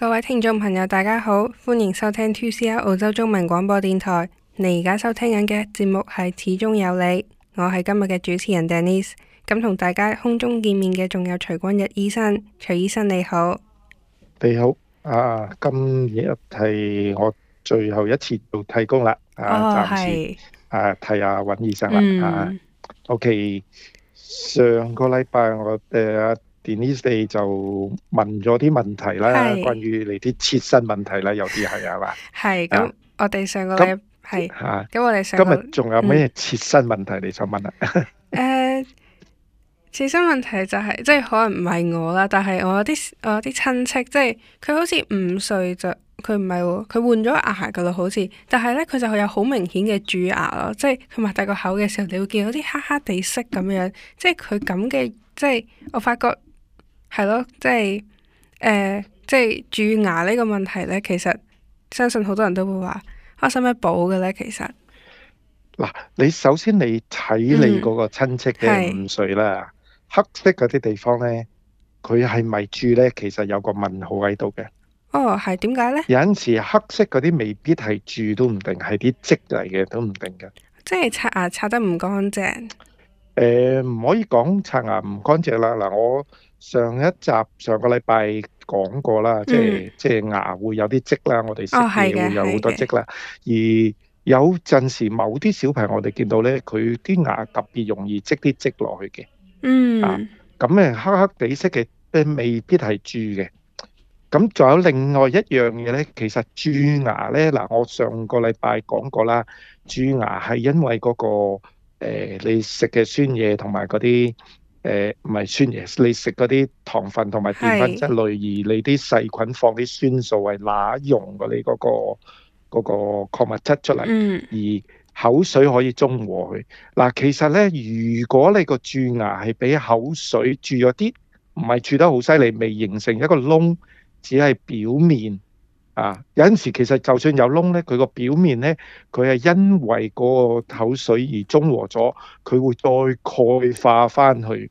各位聽眾朋友，大家好，歡迎收聽 2CR 澳洲中文廣播電台。你而家收聽緊嘅節目係《齒中有理》，我係今日嘅主持人 Dennis。咁同大家空中見面嘅仲有徐君日醫生，徐醫生你好。你好，啊，今日係我最後一次做替工啦，啊，哦、暫時是啊，替下尹醫生啦，嗯、啊，OK，上個禮拜我哋。呃啲你哋就問咗啲問題啦，是關於你啲切身問題啦，有啲係係嘛？係咁是，吧我哋上個禮係啊。咁那我哋上個禮今日仲有咩切身問題你想問啊？誒、嗯呃，切身問題就係、是、即係可能唔係我啦，但係我有啲我有啲親戚，即係佢好似五歲就佢唔係喎，佢換咗牙噶啦，好似，但係咧佢就係有好明顯嘅蛀牙咯，即係佢擘大個口嘅時候，你會見到啲黑黑地色咁樣，即係佢咁嘅，即係我發覺。係咯，即係誒、呃，即係蛀牙呢個問題咧。其實相信好多人都會話，我使唔使補嘅咧？其實嗱，你首先你睇你嗰個親戚嘅五歲啦，嗯、黑色嗰啲地方咧，佢係咪蛀咧？其實有個問號喺度嘅。哦，係點解咧？有陣時黑色嗰啲未必係蛀都唔定，係啲積嚟嘅都唔定㗎。即係刷牙刷得唔乾淨？誒、呃，唔可以講刷牙唔乾淨啦。嗱，我。上一集上個禮拜講過啦，即係、嗯、即係牙會有啲積啦，我哋食嘢會有好多積啦。哦、而有陣時某啲小朋友，我哋見到咧，佢啲牙特別容易積啲積落去嘅、嗯啊。嗯，啊咁咧黑黑地色嘅，誒未必係蛀嘅。咁仲有另外一樣嘢咧，其實蛀牙咧嗱、啊，我上個禮拜講過啦，蛀牙係因為嗰、嗰個、呃、你食嘅酸嘢同埋嗰啲誒唔係酸嘢，你食嗰啲糖分同埋澱粉質類，是而你啲細菌放啲酸素、那個，係乸溶個你嗰個嗰個礦物質出嚟，嗯、而口水可以中和佢。嗱，其實咧，如果你個蛀牙係畀口水蛀咗啲，唔係蛀得好犀利，未形成一個窿，只係表面啊。有陣時其實就算有窿咧，佢個表面咧，佢係因為嗰個口水而中和咗，佢會再鈣化翻去。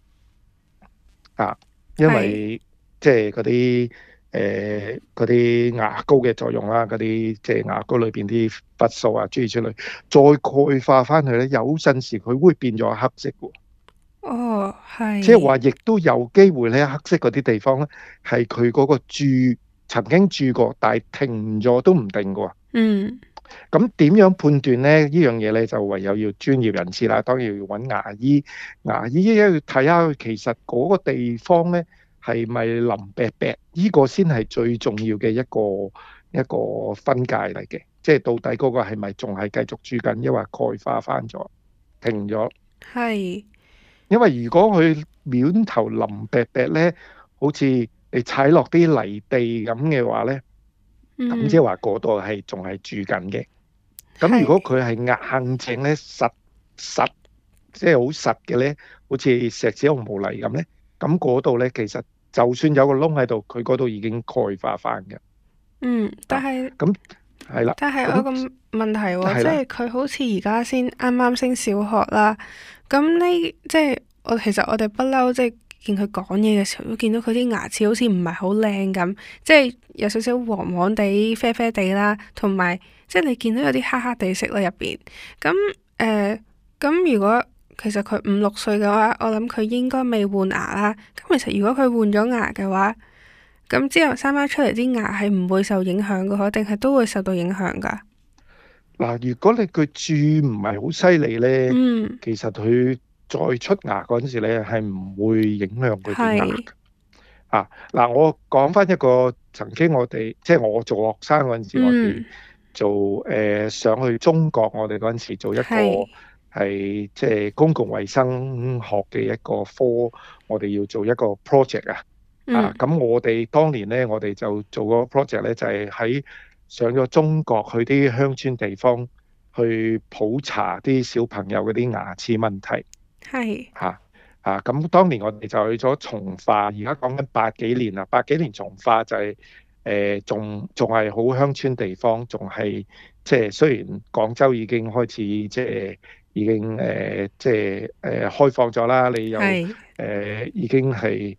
啊，因為是即係嗰啲誒嗰啲牙膏嘅作用啦，嗰啲即係牙膏裏邊啲色素啊，掉出嚟再鈣化翻去咧，有陣時佢會變咗黑色嘅。哦，係，即係話亦都有機會咧，黑色嗰啲地方咧，係佢嗰個蛀曾經蛀過，但係停咗都唔定嘅。嗯。咁點樣判斷咧？呢樣嘢咧就唯有要專業人士啦。當然要揾牙醫，牙醫一要睇下其實嗰個地方咧係咪腍，白白，呢個先係最重要嘅一個一個分界嚟嘅。即係到底嗰個係咪仲係繼續住緊，抑或鈣化翻咗停咗？係。因為如果佢面頭腍白白咧，好似你踩落啲泥地咁嘅話咧。咁、嗯、即係話嗰度係仲係住緊嘅，咁如果佢係硬淨咧實是實即係好實嘅咧，好似石屎紅毛泥咁咧，咁嗰度咧其實就算有個窿喺度，佢嗰度已經鈣化翻嘅。嗯，但係咁係啦。啊、但係我個問題喎、啊，即係佢好似而家先啱啱升小學啦，咁呢即係我其實我哋不嬲即。見佢講嘢嘅時候，都見到佢啲牙齒好似唔係好靚咁，即係有少少黃黃地、啡啡地啦，同埋即係你見到有啲黑黑地色喺入邊。咁、嗯、誒、咁、呃、如果其實佢五六歲嘅話，我諗佢應該未換牙啦。咁其實如果佢換咗牙嘅話，咁之後生翻出嚟啲牙係唔會受影響嘅，可定係都會受到影響噶？嗱，如果你個蛀唔係好犀利咧，嗯，其實佢。再出牙嗰陣時咧，係唔會影響佢啲牙力是啊。嗱，我講翻一個曾經我哋即係我做學生嗰陣時，嗯、我哋做誒、呃、上去中國，我哋嗰陣時做一個係即係公共衛生學嘅一個科，我哋要做一個 project 啊。嗯、啊，咁我哋當年咧，我哋就做個 project 咧，就係、是、喺上咗中國去啲鄉村地方去普查啲小朋友嗰啲牙齒問題。係嚇嚇咁，啊啊、當年我哋就去咗從化，而家講緊八幾年啦，八幾年從化就係、是、誒、呃，仲仲係好鄉村地方，仲係即係雖然廣州已經開始即係已經誒、呃、即係誒開放咗啦，你又誒的、呃、已經係誒、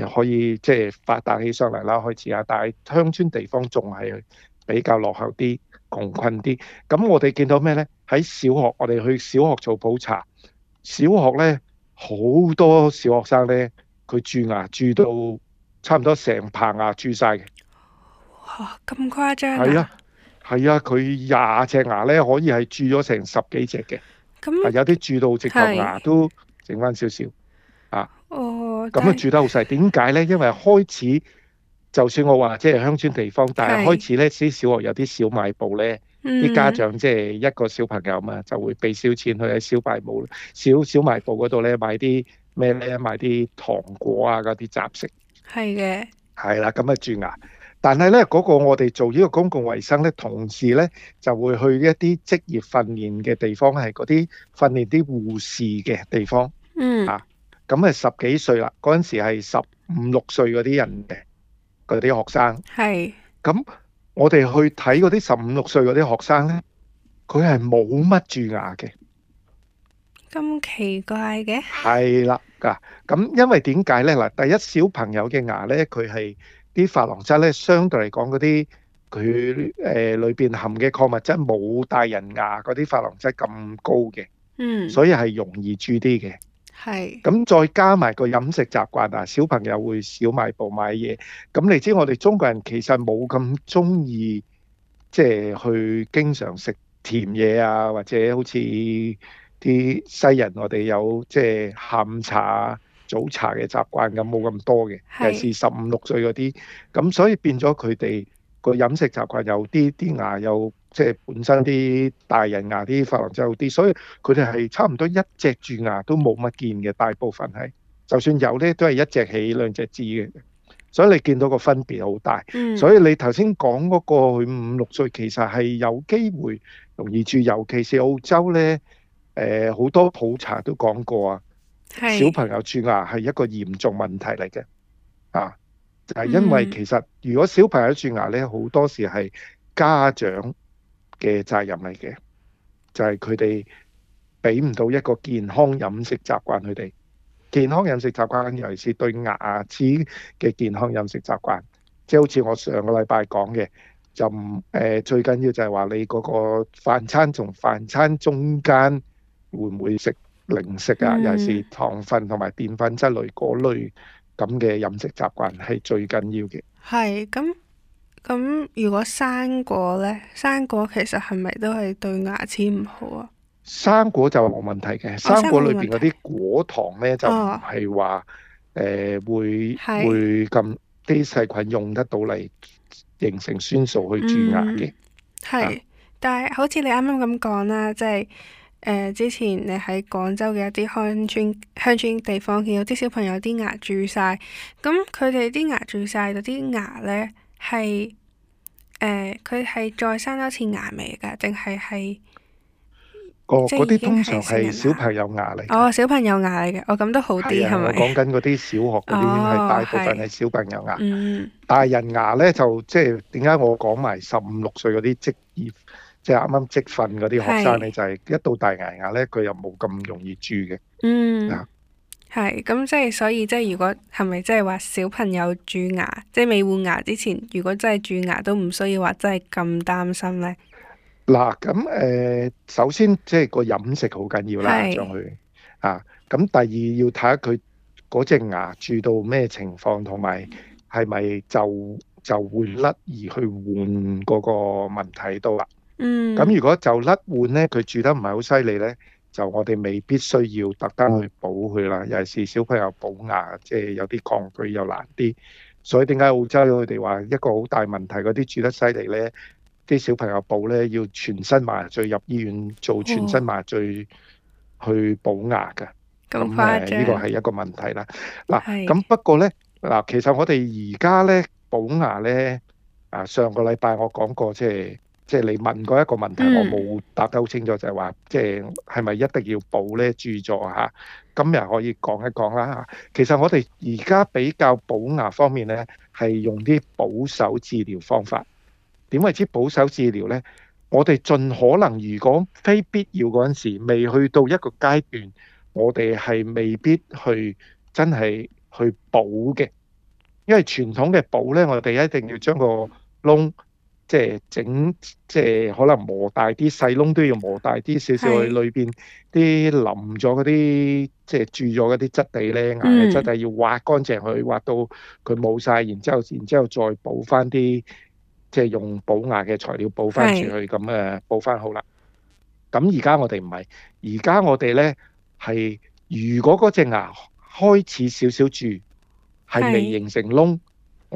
呃、可以即係發達起上嚟啦開始啊，但係鄉村地方仲係比較落後啲、窮困啲。咁我哋見到咩咧？喺小學，我哋去小學做普查。小學咧，好多小學生咧，佢蛀牙蛀到差唔多成棚牙蛀晒嘅。哇、哦，咁誇張啊！係啊，係啊，佢廿隻牙咧可以係蛀咗成十幾隻嘅。咁、嗯、有啲蛀到直頭牙都剩翻少少啊。哦，咁樣蛀得好細，點解咧？因為開始就算我話即係鄉村地方，但係開始咧啲小學有啲小賣部咧。啲、嗯、家長即係一個小朋友嘛，就會俾少錢去喺小賣部、小小賣部嗰度咧買啲咩咧？買啲糖果啊嗰啲雜食。係嘅的。係啦，咁啊蛀牙，但係咧嗰個我哋做呢個公共衞生咧，同時咧就會去一啲職業訓練嘅地方，係嗰啲訓練啲護士嘅地方。嗯。啊，咁啊十幾歲啦，嗰陣時係十五六歲嗰啲人嘅嗰啲學生。係是。咁。我哋去睇嗰啲十五六歲嗰啲學生咧，佢係冇乜蛀牙嘅，咁奇怪嘅。係啦，嗱，咁因為點解咧？嗱，第一小朋友嘅牙咧，佢係啲琺瑯質咧，相對嚟講嗰啲佢誒裏邊含嘅礦物質冇大人牙嗰啲琺瑯質咁高嘅，嗯，所以係容易蛀啲嘅。係，咁再加埋個飲食習慣啊，小朋友會小賣部買嘢，咁你知我哋中國人其實冇咁中意，即係去經常食甜嘢啊，或者好似啲西人我哋有即係下午茶、早茶嘅習慣咁，冇咁多嘅，尤其是十五六歲嗰啲，咁所以變咗佢哋個飲食習慣有啲啲牙有。即係本身啲大人牙啲發黃就好啲，所以佢哋係差唔多一隻蛀牙都冇乜見嘅，大部分係就算有咧，都係一隻起兩隻止嘅。所以你見到個分別好大。嗯。所以你頭先講嗰個佢五六歲，其實係有機會容易蛀牙，尤其是澳洲咧。誒，好多普查都講過啊，小朋友蛀牙係一個嚴重問題嚟嘅。啊，就係因為其實如果小朋友蛀牙咧，好多時係家長，嘅責任嚟嘅，就係佢哋俾唔到一個健康飲食習慣。佢哋健康飲食習慣，尤其是對牙齒嘅健康飲食習慣，即係好似我上個禮拜講嘅，就唔誒，呃，最緊要就係話你嗰個飯餐同飯餐中間會唔會食零食啊？嗯，尤其是糖分同埋澱粉質類嗰類咁嘅飲食習慣係最緊要嘅。係咁。咁如果生果咧，生果其實係咪都係對牙齒唔好啊？生果就冇問題嘅，生果裏邊嗰啲果糖咧、哦、就唔係話誒會是會咁啲細菌用得到嚟形成酸素去蛀牙嘅。係、嗯，啊、但係好似你啱啱咁講啦，即係誒之前你喺廣州嘅一啲鄉村鄉村地方見到啲小朋友啲牙蛀晒。咁佢哋啲牙蛀晒，嗰啲牙咧。係誒，佢係、呃、再生一次牙嚟噶，定係係？哦，嗰啲通常係小朋友牙嚟。哦，小朋友牙嚟嘅，我咁都好啲，係咪、啊？講緊嗰啲小學嗰啲應該係大部分係小朋友牙，嗯、大人牙咧就即係點解我講埋十五六歲嗰啲職業，即係啱啱積訓嗰啲學生咧，是就係一到大牙牙咧，佢又冇咁容易蛀嘅。嗯。係，咁即係所以，即係如果係咪即係話小朋友蛀牙，即係未換牙之前，如果真係蛀牙都唔需要話真係咁擔心咧？嗱，咁誒、呃，首先即係個飲食好緊要啦，上去是啊，咁第二要睇下佢嗰隻牙蛀到咩情況，同埋係咪就就換甩而去換嗰個問題都啦。嗯。咁如果就甩換咧，佢蛀得唔係好犀利咧？就我哋未必需要特登去補佢啦，尤其是小朋友補牙，即係有啲抗拒又難啲。所以點解澳洲佢哋話一個好大問題，嗰啲蛀得犀利咧，啲小朋友補咧要全身麻醉入醫院做全身麻醉去補牙㗎。咁誇張？呢個係一個問題啦。嗱，咁不過咧，嗱，其實我哋而家咧補牙咧，啊，上個禮拜我講過即係。即係你問過一個問題，我冇答得好清楚，就係話，即係係咪一定要補呢？著作嚇，今日可以講一講啦。其實我哋而家比較補牙方面呢，係用啲保守治療方法。點為之保守治療呢？我哋盡可能，如果非必要嗰陣時，未去到一個階段，我哋係未必去真係去補嘅。因為傳統嘅補呢，我哋一定要將個窿。即係整，即係可能磨大啲細窿都要磨大啲少少，去裏邊啲淋咗嗰啲，即係蛀咗嗰啲質地咧，牙嘅質地要挖乾淨佢，挖到佢冇晒，然之後，然之後再補翻啲，即係用補牙嘅材料補翻住佢，咁誒是、啊、補翻好啦。咁而家我哋唔係，而家我哋咧係如果嗰隻牙開始少少蛀，係未形成窿。是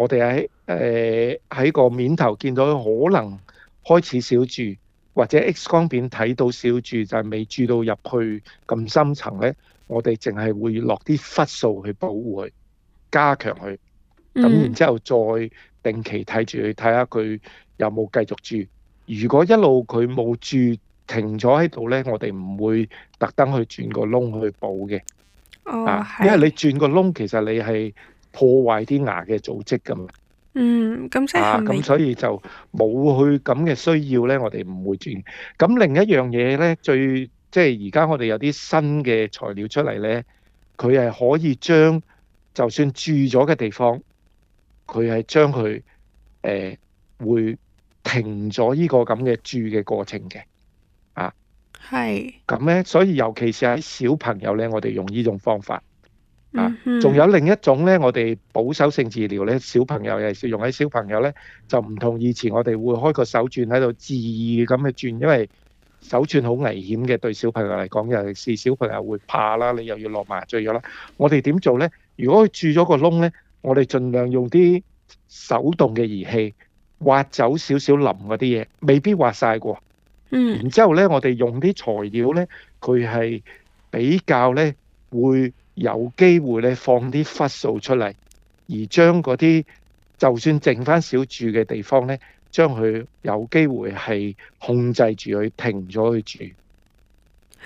我哋喺誒喺個面頭見到佢可能開始少蛀，或者 X 光片睇到少蛀，就係未蛀到入去咁深層呢，我哋淨係會落啲氟素去保護佢，加強佢。咁然之後再定期睇住，睇下佢有冇繼續蛀。如果一路佢冇蛀停咗喺度呢，我哋唔會特登去鑽個窿去補嘅。哦，係。因為你鑽個窿，其實你係。破壞啲牙嘅組織㗎嘛，嗯，咁、啊、所以就冇去咁嘅需要咧，我哋唔會鑽。咁另一樣嘢咧，最即係而家我哋有啲新嘅材料出嚟咧，佢係可以將就算蛀咗嘅地方，佢係將佢誒、呃、會停咗依個咁嘅蛀嘅過程嘅，啊，係是。咁咧、啊，所以尤其是喺小朋友咧，我哋用呢種方法。啊，仲有另一種咧，我哋保守性治療咧，小朋友尤用喺小朋友咧，就唔同以前我哋會開個手轉喺度自意咁去轉，因為手轉好危險嘅，對小朋友嚟講，尤其是小朋友會怕啦，你又要落麻醉藥啦。我哋點做咧？如果佢蛀咗個窿咧，我哋盡量用啲手動嘅儀器挖走少少淋嗰啲嘢，未必挖晒過。嗯。然之後咧，我哋用啲材料咧，佢係比較咧會。有機會咧放啲氟素出嚟，而將嗰啲就算剩翻少住嘅地方咧，將佢有機會係控制住佢停咗去住，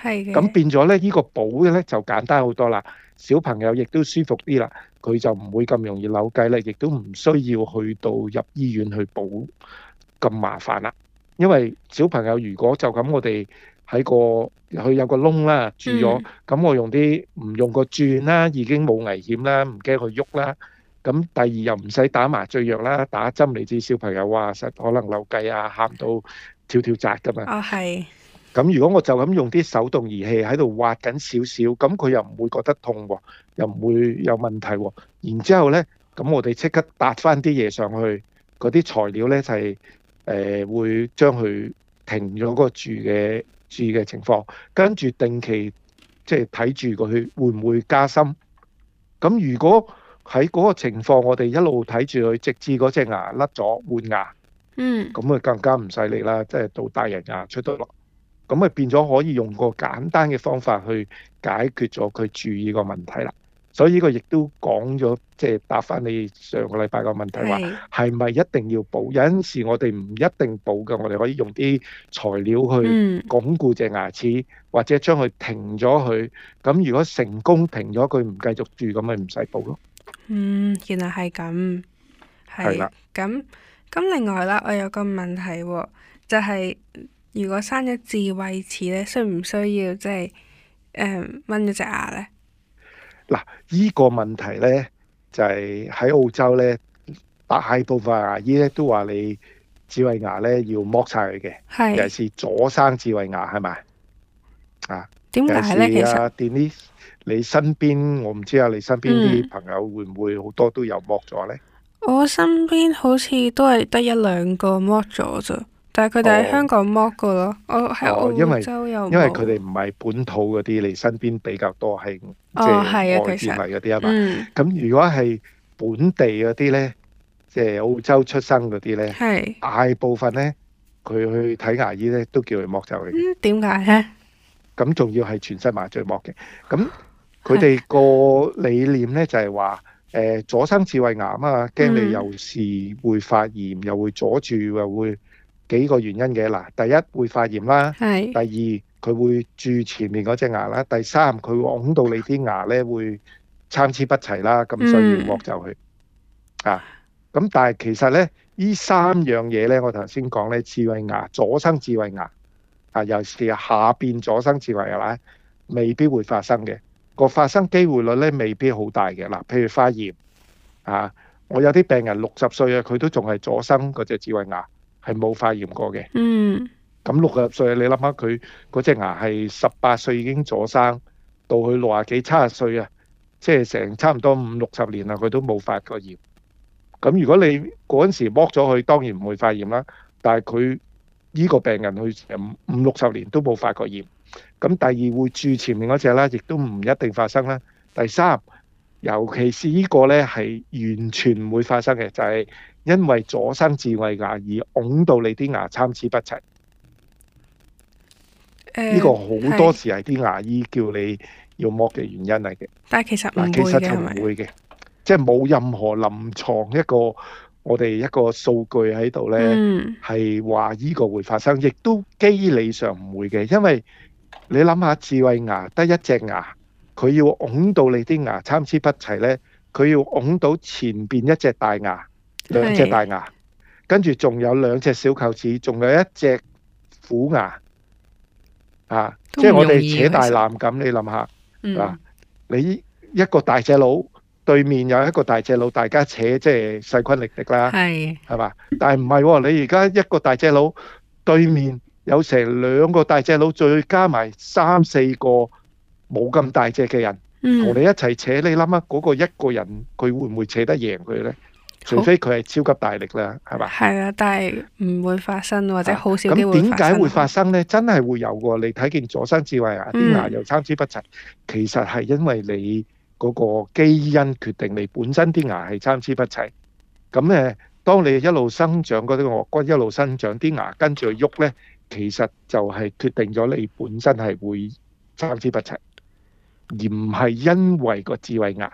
係嘅的。咁變咗咧，呢個補嘅咧就簡單好多啦。小朋友亦都舒服啲啦，佢就唔會咁容易扭計啦，亦都唔需要去到入醫院去補咁麻煩啦。因為小朋友如果就咁，我哋喺個佢有個窿啦，蛀咗，咁、嗯、我用啲唔用個鑽啦，已經冇危險啦，唔驚佢喐啦。咁第二又唔使打麻醉藥啦，打針嚟治小朋友哇、啊，實可能扭計啊，喊到跳跳紮噶嘛。哦，係。咁如果我就咁用啲手動儀器喺度挖緊少少，咁佢又唔會覺得痛喎、啊，又唔會有問題喎、啊。然之後咧，咁我哋即刻搭翻啲嘢上去，嗰啲材料咧就係、是、誒、呃、會將佢停咗個蛀嘅。住嘅情況，跟住定期即係睇住血會唔會加深。咁如果喺嗰個情況，我哋一路睇住佢，直至嗰隻牙甩咗換牙。嗯。咁啊更加唔犀利啦，即係到大人牙出得咯。咁啊變咗可以用個簡單嘅方法去解決咗佢蛀牙個問題啦。所以呢個亦都講咗，即、就、係、是、答返你上個禮拜個問題話，係咪是一定要補？有陣時我哋唔一定補㗎，我哋可以用啲材料去鞏固隻牙齒，嗯、或者將佢停咗佢。咁如果成功停咗佢，唔繼續蛀，咁咪唔使補咯。嗯，原來係咁，係啦。咁咁的另外啦，我有個問題喎、啊，就係、是、如果生咗智慧齒咧，需唔需要即係誒掹咗隻牙咧？嗱，依個問題咧，就係、是、喺澳洲咧，大部分牙醫咧都話你智慧牙咧要剝晒佢嘅，尤其是左生智慧牙係咪？啊，點解咧？其實，點呢？你身邊我唔知啊，你身邊啲朋友會唔會好多都有剝咗咧？我身邊好似都係得一兩個剝咗啫。但係佢哋喺香港剝過咯，我喺澳洲又剝，因為佢哋唔係本土嗰啲，你身邊比較多係即係外邊嚟嗰啲啊嘛。咁如果係本地嗰啲咧，即係澳洲出生嗰啲咧，大部分咧佢去睇牙醫咧都叫佢剝走嘅。嗯，點解咧？咁仲要係全身麻醉剝嘅。咁佢哋個理念咧就係話，誒阻生智慧牙啊，驚你又時會發炎，又會阻住，又會。幾個原因嘅嗱，第一會發炎啦，第二佢會蛀前面嗰隻牙啦，第三佢會擁到你啲牙咧會參差不齊啦，咁所以剝就去啊。咁但係其實咧，呢三樣嘢咧，我頭先講咧智慧牙左生智慧牙啊，尤其係下邊左生智慧牙，係、啊、未必會發生嘅。個發生機會率咧，未必好大嘅嗱、啊。譬如發炎啊，我有啲病人六十歲啊，佢都仲係左生嗰隻智慧牙。係冇發炎過嘅。嗯。咁六十歲，你諗下佢嗰隻牙係十八歲已經阻生，到佢六十幾、七十歲啊，即係成差唔多五六十年啦，佢都冇發過炎。咁如果你嗰陣時剝咗佢，當然唔會發炎啦。但係佢呢個病人佢五六十年都冇發過炎。咁第二會蛀前面嗰隻啦，亦都唔一定發生啦。第三，尤其是呢個呢，係完全唔會發生嘅，就係、是。因為左生智慧牙而拱到你啲牙參差不齊，呢、呃、個好多時係啲牙醫叫你要剝嘅原因嚟嘅。但係其實唔會嘅，係嗎？即係冇任何臨床一個我哋一個數據喺度呢，係話呢個會發生，亦、嗯、都機理上唔會嘅。因為你諗下，智慧牙得一隻牙，佢要拱到你啲牙參差不齊呢，佢要拱到前邊一隻大牙。兩隻大牙，跟住仲有兩隻小臼齒，仲有一隻虎牙，啊！即係我哋扯大纜咁，你諗下嗱，你一個大隻佬對面有一個大隻佬，大家扯即係勢均力敵啦，係係嘛？但係唔係喎，你而家一個大隻佬對面有成兩個大隻佬，再加埋三四個冇咁大隻嘅人，同你一齊扯，你諗下嗰個一個人佢會唔會扯得贏佢呢？除非佢係超級大力啦，係嘛？係啊，但係唔會發生，或者好少機會發生。咁點解會發生呢？真係會有喎！你睇見左生智慧牙，啲、嗯、牙又參差不齊。其實係因為你嗰個基因決定你本身啲牙係參差不齊。咁咧，當你一路生長嗰啲牙骨一路生長，啲牙跟住去喐呢，其實就係決定咗你本身係會參差不齊，而唔係因為個智慧牙。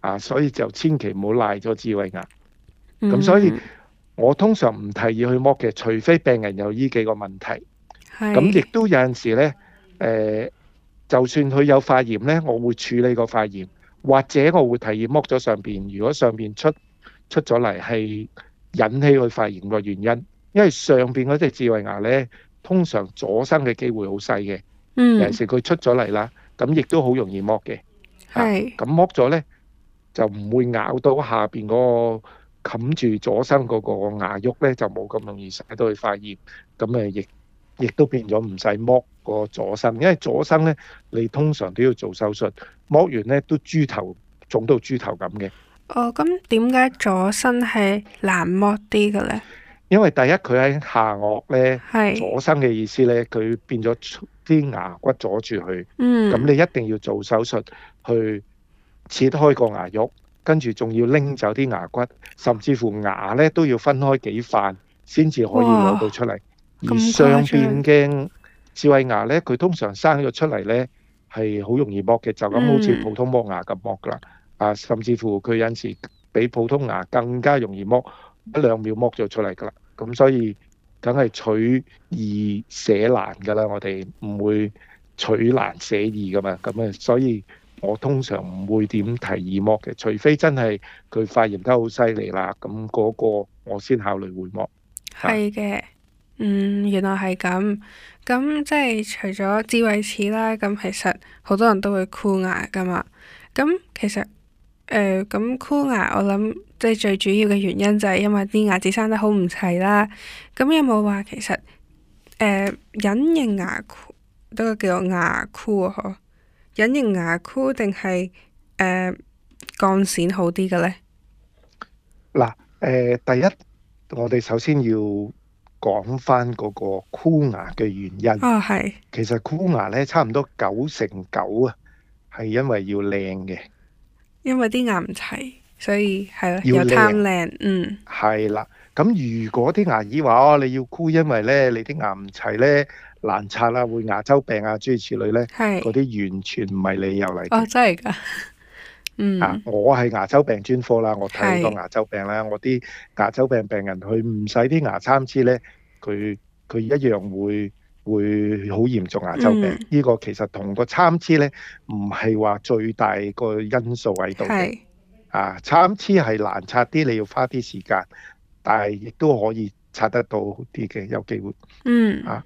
啊，所以就千祈唔好賴咗智慧牙。咁所以，我通常唔提議去剝嘅，除非病人有依幾個問題。係。咁亦都有陣時咧，誒，就算佢有發炎咧，我會處理個發炎，或者我會提議剝咗上邊。如果上邊出出咗嚟係引起佢發炎個原因，因為上邊嗰隻智慧牙咧，通常阻生嘅機會好細嘅。嗯。尤其是佢出咗嚟啦，咁亦都好容易剝嘅。係。咁剝咗咧？就唔會咬到下邊嗰個冚住阻生嗰個牙肉咧，就冇咁容易使到佢發炎。咁誒，亦亦都變咗唔使剝個阻生，因為阻生咧，你通常都要做手術，剝完咧都豬頭腫到豬頭咁嘅。哦，咁點解阻生係難剝啲嘅咧？因為第一，佢喺下顎咧，係。阻生嘅意思咧，佢變咗啲牙骨阻住佢。嗯。咁你一定要做手術去，切開個牙肉，跟住仲要拎走啲牙骨，甚至乎牙咧都要分開幾塊先至可以攞到出嚟。哇而上邊嘅智慧牙咧，佢通常生咗出嚟咧係好容易剝嘅，就咁好似普通剝牙咁剝㗎啦。嗯、啊，甚至乎佢有時比普通牙更加容易剝，一兩秒剝咗出嚟㗎啦。咁所以梗係取易捨難㗎啦。我哋唔會取難捨易㗎嘛。咁啊，所以。我通常唔會點提耳膜嘅，除非真係佢發炎得好犀利啦，咁嗰個我先考慮回膜。係嘅，嗯，原來係咁。咁即係除咗智慧齒啦，咁其實好多人都會箍牙㗎嘛。咁其實誒咁箍牙我，我諗即係最主要嘅原因就係因為啲牙齒生得好唔齊啦。咁有冇話其實誒、呃、隱形牙箍，都個叫做牙箍啊？嗬。隱形牙箍定係誒鋼線好啲嘅咧？嗱，誒、呃、第一，我哋首先要講翻嗰個箍牙嘅原因。哦，係。其實箍牙咧，差唔多九成九啊，係因為要靚嘅。因為啲牙唔齊，所以係咯，要貪靚，嗯。係啦。咁如果啲牙醫話、哦、你要箍，因為咧你啲牙唔齊咧難刷啦、啊，會牙周病啊諸如此類咧，嗰啲是完全唔係理由嚟哦，真係㗎，嗯啊，我係牙周病專科啦，我睇好多牙周病啦，是我啲牙周病病人佢唔使啲牙參差咧，佢佢一樣會會好嚴重牙周病。呢、嗯、個其實同個參差咧唔係話最大個因素喺度嘅。是啊，參差係難刷啲，你要花啲時間。但係亦都可以刷得到啲嘅，有機會嗯、啊啊。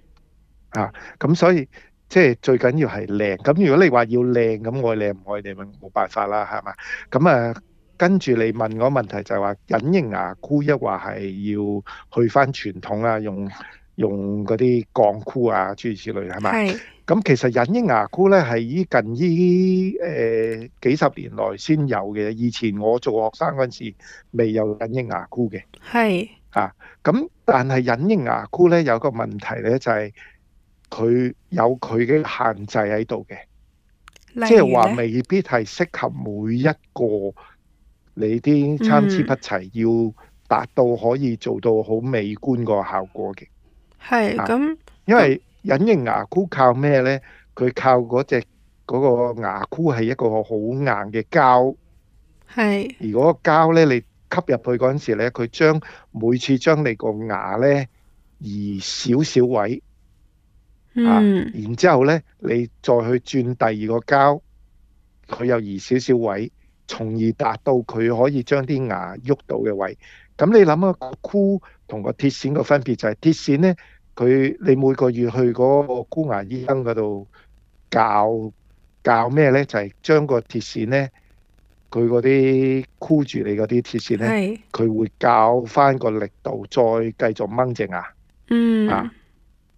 嗯，啊啊，咁所以即係最緊要係靚。咁如果你話要靚，咁我靚唔靚，咪冇辦法啦，係嘛？咁、嗯、啊，跟住你問我問題就係話隱形牙箍抑或係要去返傳統啊，用用嗰啲鋼箍啊諸如此類係咪？咁其實隱形牙箍咧係依近依誒幾十年來先有嘅，以前我做學生嗰陣時未有隱形牙箍嘅。係啊，咁但係隱形牙箍咧有個問題咧就係佢有佢嘅限制喺度嘅，即係話未必係適合每一個你啲參差不齊，要達到可以做到好美觀個效果嘅。係咁，因為隱形牙箍靠咩呢？佢靠嗰隻嗰個牙箍係一個好硬嘅膠。係是。而嗰個膠呢，你吸入去嗰陣時呢，佢將每次將你個牙呢移少少位。嗯。啊、然之後呢，你再去轉第二個膠，佢又移少少位，從而達到佢可以將啲牙喐到嘅位。咁你諗下，箍同個鐵線個分別就係鐵線呢。佢你每個月去嗰個箍牙醫生嗰度教教咩咧？就係、是、將個鐵線咧，佢嗰啲箍住你嗰啲鐵線咧，佢是會教翻個力度，再繼續掹隻牙。嗯。啊，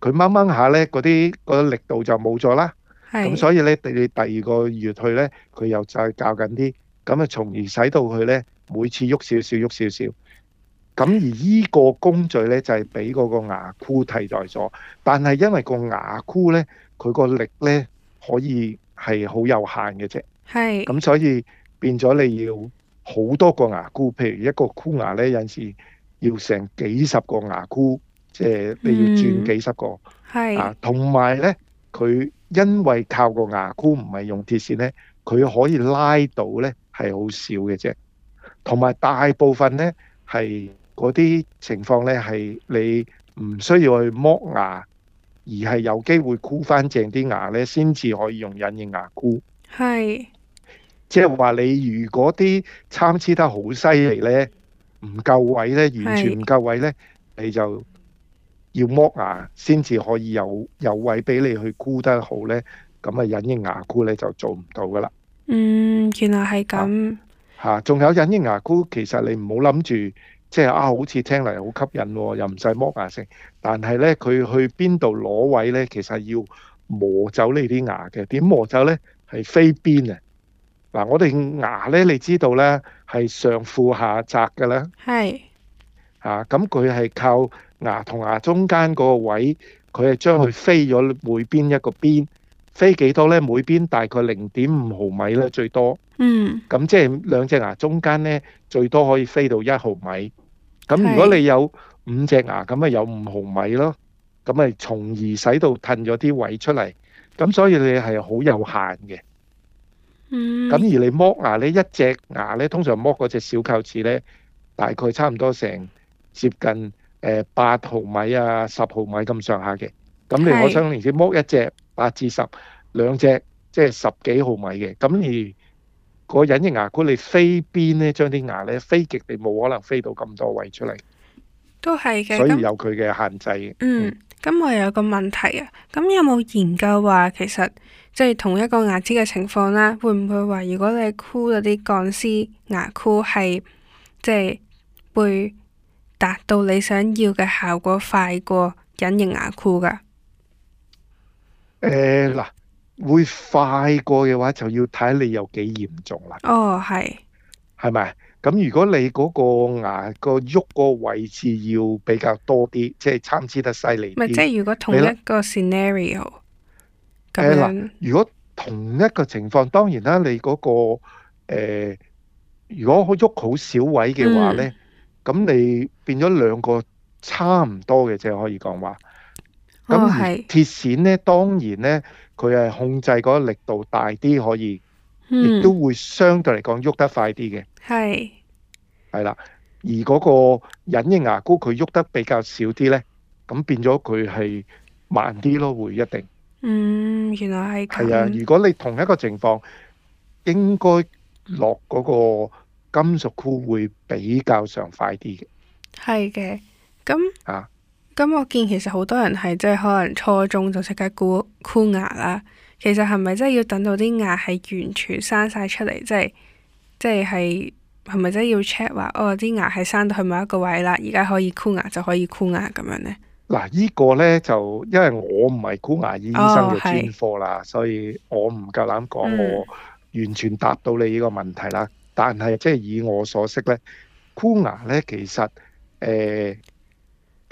佢掹掹下咧，嗰啲力度就冇咗啦。係是。咁所以咧，你第二個月去咧，佢又再教緊啲，咁啊，從而使到佢咧，每次喐少少，喐少少。咁而依個工序咧就係俾嗰個牙箍替代咗，但係因為個牙箍咧，佢個力咧可以係好有限嘅啫。係。咁所以變咗你要好多個牙箍，譬如一個箍牙咧，有陣時要成幾十個牙箍，即係你要轉幾十個。係。嗯。啊，同埋咧，佢因為靠個牙箍唔係用鐵線咧，佢可以拉到咧係好少嘅啫。同埋大部分咧係。嗰啲情況咧，係你唔需要去剝牙，而係有機會箍翻正啲牙咧，先至可以用隱形牙箍。係，即係話你如果啲參差得好犀利咧，唔夠位咧，完全唔夠位咧，你就要剝牙先至可以有有位俾你去箍得好咧，咁啊隱形牙箍咧就做唔到噶啦。嗯，原來係咁。嚇，仲有隱形牙箍，其實你唔好諗住。即係啊，好似聽嚟好吸引喎、哦，又唔使剝牙剩。但係咧，佢去邊度攞位咧？其實要磨走呢啲牙嘅。點磨走咧？係飛邊啊！嗱，我哋牙咧，你知道咧係上闊下窄嘅啦。係是。嚇、啊！咁佢係靠牙同牙中間個位，佢係將佢飛咗每邊一個邊，飛幾多咧？每邊大概零點五毫米咧，最多。嗯。咁、啊、即係兩隻牙中間咧，最多可以飛到一毫米。咁如果你有五隻牙，咁咪有五毫米咯，咁咪從而使到褪咗啲位出嚟，咁所以你係好有限嘅。嗯。咁而你剝牙呢，一隻牙呢，通常剝嗰隻小臼齒呢，大概差唔多成接近誒八毫米啊，十毫米咁上下嘅。咁你我想當於先剝一隻八至十，10, 兩隻即係、就是、十幾毫米嘅，咁而。個隱形牙箍你飛邊咧？將啲牙咧飛極，你冇可能飛到咁多位出嚟，都係嘅。所以有佢嘅限制。嗯，咁、嗯嗯、我有個問題啊，咁有冇研究話其實即係同一個牙齒嘅情況啦，會唔會話如果你箍嗰啲鋼絲牙箍係即係會達到你想要嘅效果快過隱形牙箍噶誒、欸，嗱。會快過嘅話，就要睇你有幾嚴重啦。哦，係，係咪？咁如果你嗰個牙、嗰個喐個位置要比較多啲，即係參差得犀利唔係即係如果同一個 scenario 咁啦這樣啦，如果同一個情況，當然啦，你嗰、嗰個誒、呃，如果喐好少位嘅話咧，咁、嗯、你變咗兩個差唔多嘅，即係可以講話。咁、哦、而鐵線咧，當然咧，佢係控制嗰個力度大啲，可以，亦、嗯、都會相對嚟講喐得快啲嘅。係係啦，而嗰個隱形牙箍佢喐得比較少啲咧，咁變咗佢係慢啲咯，會一定。嗯，原來係咁。係啊，如果你同一個情況，應該落嗰個金屬箍會比較上快啲嘅。係嘅，咁啊。咁我見其實好多人係即係可能初中就即刻箍箍牙啦，其實係咪真係要等到啲牙係完全生晒出嚟，即係即係係咪真係要 check 話哦啲牙係生到去某一個位啦，而家可以箍牙就可以箍牙咁樣呢？嗱，呢個呢，就因為我唔係箍牙醫生嘅專科啦，哦、所以我唔夠膽講我完全答到你呢個問題啦。嗯、但係即係以我所識呢，箍牙呢，其實誒。呃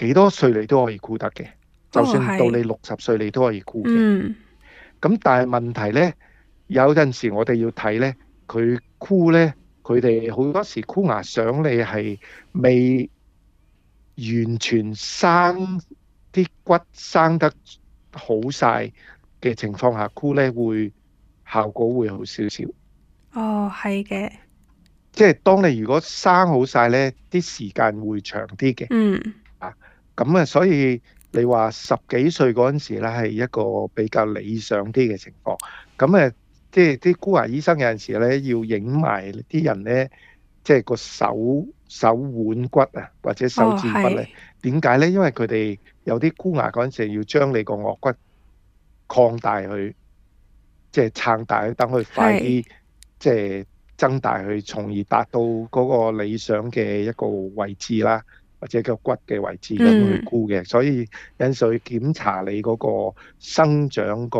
幾多歲你都可以箍得嘅。哦，就算到你六十歲你都可以箍嘅。嗯。咁但係問題呢，有陣時我哋要睇呢，佢箍呢，佢哋好多時箍牙想你係未完全生啲骨生得好晒嘅情況下箍呢，會效果會好少少。哦，係嘅。即係當你如果生好晒呢，啲時間會長啲嘅。嗯。咁啊、嗯，所以你話十幾歲嗰陣時咧，係一個比較理想啲嘅情況。咁、嗯、誒，即係啲箍牙醫生有陣時咧，要影埋啲人咧，即係個手手腕骨啊，或者手指骨咧。點解咧？因為佢哋有啲箍牙嗰陣時，要將你個顎骨擴大去，即係撐大去，等佢快啲，即係增大去，從而達到嗰個理想嘅一個位置啦。或者個骨嘅位置咁去估嘅，所以引水檢查你嗰個生長個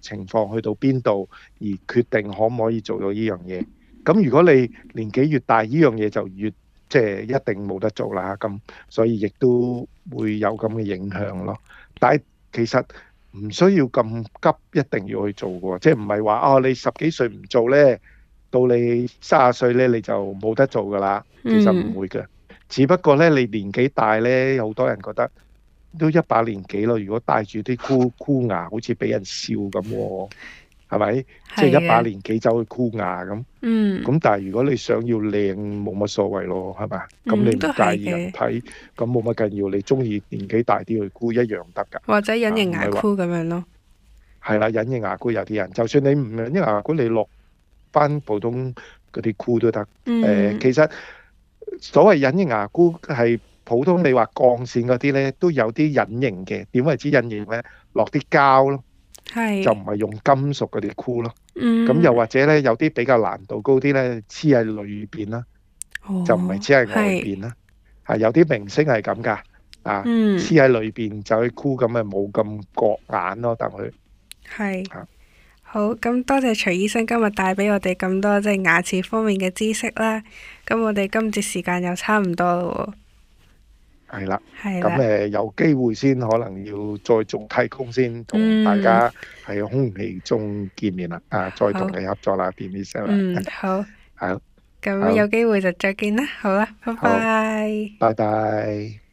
情況去到邊度而決定可唔可以做到呢樣嘢。咁如果你年紀越大，呢樣嘢就越即係一定冇得做啦。咁所以亦都會有咁嘅影響咯。但係其實唔需要咁急，一定要去做嘅。即係唔係話啊你十幾歲唔做咧，到你卅歲咧你就冇得做㗎啦。其實唔會嘅。只不過咧，你年紀大咧，好多人覺得都一把年紀咯。如果戴住啲箍箍牙，好似俾人笑咁，係咪？的即係一把年紀就去箍牙咁。嗯。咁但係如果你想要靚，冇乜所謂咯，係嘛？嗯，都係嘅。咁你唔介意人睇，咁冇乜緊要。你中意年紀大啲去箍一樣得噶。或者隱形牙箍咁，啊，樣咯。係啦，隱形牙箍有啲人，就算你唔隱形牙箍，你落翻普通嗰啲箍都得。誒，嗯呃，其實。所謂隱形牙箍係普通你話鋼線嗰啲咧，都有啲隱形嘅。點為之隱形咧？落啲膠咯，係是就唔係用金屬嗰啲箍咯。咁、嗯、又或者咧，有啲比較難度高啲咧，黐喺裏邊啦，哦、就唔係黐喺外邊啦是。啊，有啲明星係咁噶，啊黐喺裏邊就去箍，咁咪冇咁覺眼咯，等佢係好，咁多謝徐醫生今日帶俾我哋咁多即係牙齒方面嘅知識啦。咁我哋今節時間又差唔多咯喎、哦。係啦的。係咁誒，有機會先可能要再做太空先同大家喺空氣中見面啦。嗯、啊，再同你合作啦，徐醫生。is ella, 嗯，好。 好。咁好有機會就再見啦。好啦，拜拜。拜拜。Bye bye.